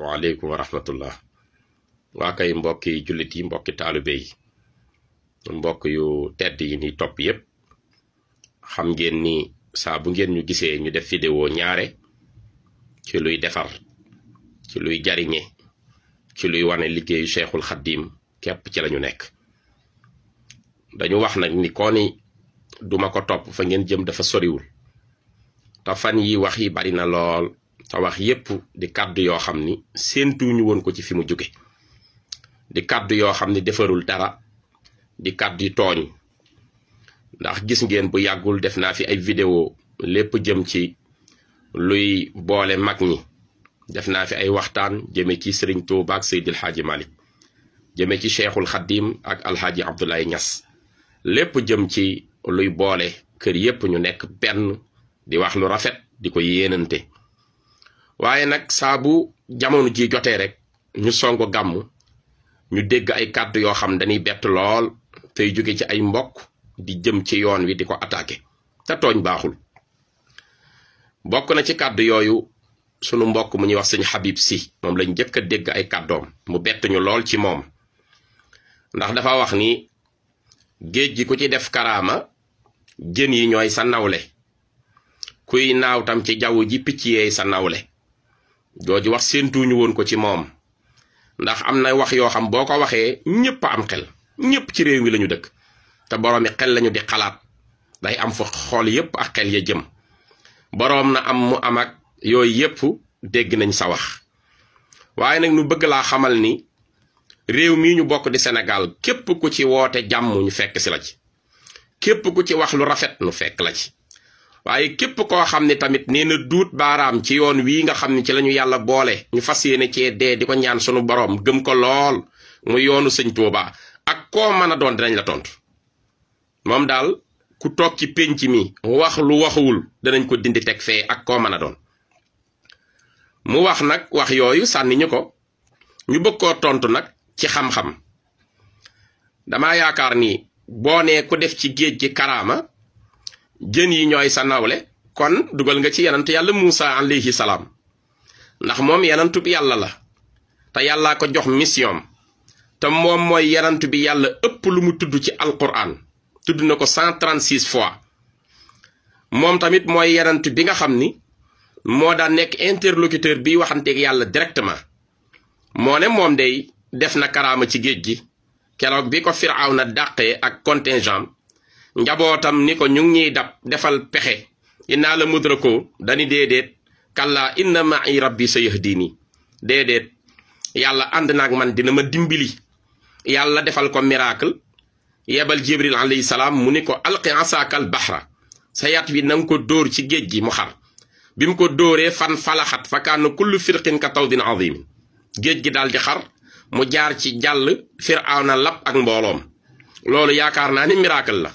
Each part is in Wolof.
waaleykum wa rahmatullah waa kay mbokki jullit yi mbokki taalibe yi mbokk yu tedd yi ni topp yépp xam ngeen ni saa bu ngeen ñu gisee ñu def vidéo ñaare ci luy defar ci luy jariñe ci luy wane liggéeyu seexul xaddim képp ci lañu nekk dañu wax nag ni koo duma ko topp fa ngeen jëm dafa soriwul te yi wax yi bari lool te wax yépp di kàddu yoo xam ni séentuwuñu woon ko ci fi mu jóge di kàddu yoo xam ni defarul dara di kàddu yu tooñ ndax gis ngeen bu yàggul def naa fi ay vidéo lépp jëm ci luy boole mag ñi def naa fi ay waxtaan jëme ci sëriñ Tuuba ak Seydil Xaaji Malik jëme ci Cheikhul Xadim ak Alxaaji Abdoulaye Ñas lépp jëm ci luy boole kër yépp ñu nekk penn di wax lu rafet di ko yéenante waaye nag saabu jamono ji jotee rek ñu songu gàmmu ñu dégg ay kàddu yoo xam dañuy bett lool tey jóge ci ay mbokk di jëm ci yoon wi di ko attaqué te tooñ baaxul bokk na ci kàddu yooyu sunu mbokk mu ñuy wax sañ Habib si moom lañ njëkk a dégg ay kàddoom mu bett ñu lool ci moom ndax dafa wax ni géej gi ku ci def karaama jën yi ñooy sa nawle kuy naaw tam ci jaww ji picc yeey sa nawle jooju wax séentuuñu woon ko ci moom ndax am na wax yoo xam boo ko waxee ñëpp am xel ñëpp ci réew mi lañu dëkk te boroomi xel lañu di xalaat day am fa xool yépp ak xel ya jëm boroom na am mu am yooyu yépp dégg nañ sa wax waaye nag nu bëgg laa xamal ni réew mii ñu bokk di senegal képp ku ci woote jàmm ñu fekk si la ci képp ku ci wax lu rafet nu fekk la ci waaye képp koo xam ne tamit nee na duut baaraam ci yoon wii nga xam ne ci lañu yàlla boole ñu fas yéene cee dee di ko ñaan sunu boroom gëm ko lool mu yoonu sëñ Tuuba ak koo mën a doon dinañ la tontu moom daal ku toog ci pénc mi wax lu waxuwul danañ ko dindi teg fee ak koo mën a doon mu wax nag wax yooyu sànniñu ko ñu bëgg koo tontu nag ci xam-xam dama yaakaar ni boo nee ku def ci géej gi karaama jën yi ñooy sa nawle kon dugal nga ci yenant yàlla Muusa alayhi salaam ndax moom yenantu bi yàlla la te yàllaa ko jox mission te moom mooy yenant bi yàlla ëpp lu mu tudd ci alquran tudd na ko 136 fois moom tamit mooy yenant bi nga xam ni moo daan nekk interlocuteur bi waxanteeg yàlla directement moo ne moom day def na karaama ci géej gi keroog bi ko na dàqee ak contingent njabootam ni ko ñu ngi ñuy dab defal pexe innaa la mudrakoo dani déedéet kallaa inna ma'i rabbi sayahdiini déedéet yàlla ànd naag man dina ma dimbali yàlla defal ko miracle yebal jibril alayhi salaam mu ni ko alqi asaakal baxra sa yat wi na ko dóor ci géej gi mu xar bi mu ko dóoree fan falaxat fa kaana kullu firqin ka tawdin azimin géej gi daal di xar mu jaar ci jàll firawna lab ak mbooloom loolu yaakaar naa ni miracle la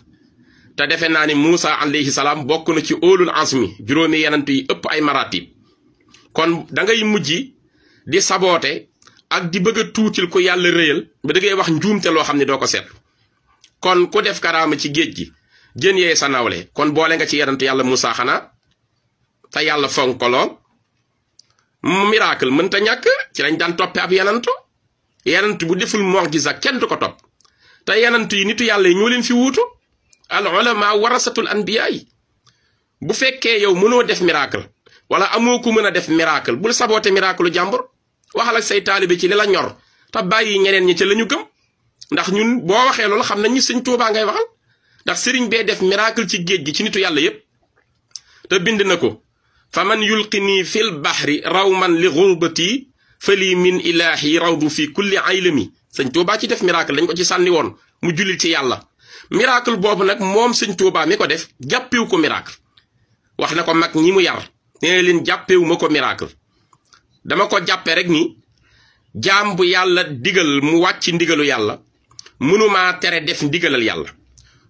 te defe naa ni Moussa alayhi salaam bokk na ci óolul azmi juróomi yenant yi ëpp ay maratib kon da ngay mujj di saboote ak di bëgg a tuutil ku yàlla réyal ba da ngay wax njuumte loo xam ne doo ko seet kon ku def karaama ci géej gi jën yee sa nawle kon boole nga ci yenant yàlla Moussa xanaa te yàlla fonk ko lool mën ta ñàkk ci lañ daan toppe ab yenantu yenant bu deful mu'jiza kenn du ko topp te yenant yi nitu yàlla yi ñoo leen fi wuutu al ulama warasatul anbiya yi bu fekkee yow mënoo def miracle wala amoo ku mën a def miracle bul saboote miracle jàmbur waxal ak say taalibe ci li la ñor te bàyyi ñeneen ñi ca la ñu gëm ndax ñun boo waxee lool xam nañ ni sëñ Tuubaa ngay waxal ndax sëriñ bee def miracle ci géej gi ci nitu yàlla yépp te bind na ko fa man yulqinii fil bahri rawman li gurbati fali min ilaahi rawdu fi kulli aylami sëñ Tuubaa ci def miracle dañ ko ci sànni woon mu julil ci yàlla miracle boobu nag moom sëñ Tuubaa mi ko def jàppewu ko miracle wax na ko mag ñi mu yar nee leen jàppewu ma ko miracle dama ko jàppe rek ni jaam bu yàlla digal mu wàcc ndigalu yàlla mënuma tere def ndigalal yàlla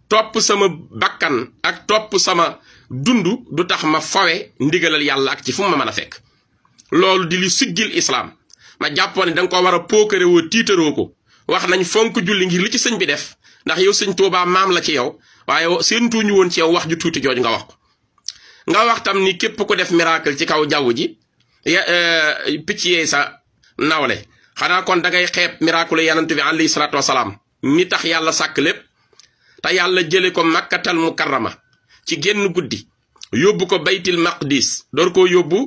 topp sama bakkan ak topp sama dund du tax ma fawe ndigalal yàlla ak ci fum ma mën a fekk loolu di li siggil islaam ma jàppoon ne danga ko war a pookarewoo tiitaroo ko wax nañ fonk julli ngir li ci sëñ bi def ndax yow sëñ Tuubaa maam la ci yow waaye séentuñu woon ci yow wax ju tuuti jooj nga wax ko nga wax tam ni képp ku def miraakal ci kaw jaww ji euh, picc yee sa nawle xanaa kon da ngay xeeb miracle yanant bi alayhi salaatu wasalaam mi tax yàlla sàkk lépp te yàlla jële ko makkatal mukarrama ci génn guddi yóbbu ko baytil maqdis door ko yóbbu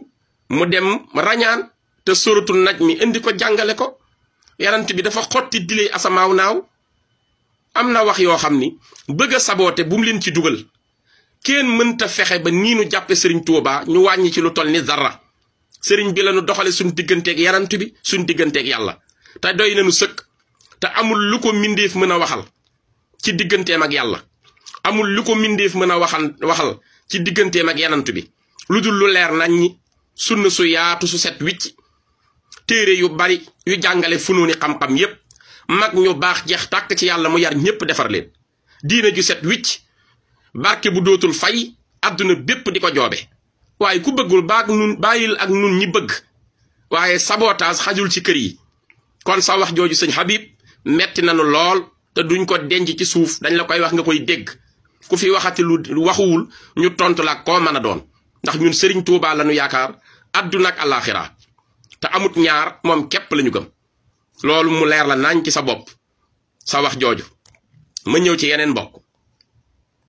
mu dem rañaan te sóoratul naj mi indi ko jàngale ko yanant bi dafa xotti dile asamaaw naaw am na wax yoo xam ni bëgg a saboote bu mu leen ci dugal kenn mënta fexe ba nii nu jàppe sëriñ Tuuba ñu wàññi ci lu toll ni dara sëriñ bi la nu doxale suñ digganteeg yarantu bi suñ digganteeg yàlla te doy nañu sëkk te amul lu ko mindeef mën a waxal ci digganteem ak yàlla amul lu ko mindeef mën a waxal waxal ci digganteem ak yanantu bi lu dul lu leer nañ ñi sunna su yaatu su set wicc téere yu bari yu jàngale fu funuuni xam-xam yépp mag ñu baax jeex tàkk ci yàlla mu yar ñépp defar leen diine ju set wicc barke bu dootul fay àdduna bépp di ko joobe waaye ku bëggul baak nun bàyyil ak nun ñi bëgg waaye sabotage xajul ci kër yi kon sa wax jooju sëñ Habib metti nañu lool te duñ ko denc ci suuf dañ la koy wax nga koy dégg ku fi waxati lu waxuwul ñu tontu la koo mën a doon ndax ñun sëriñ Tuubaa lañu yaakaar àdduna ak te amut ñaar moom képp lañu gëm loolu mu leer la naañ ci sa bopp sa wax jooju ma ñëw ci yeneen mbokk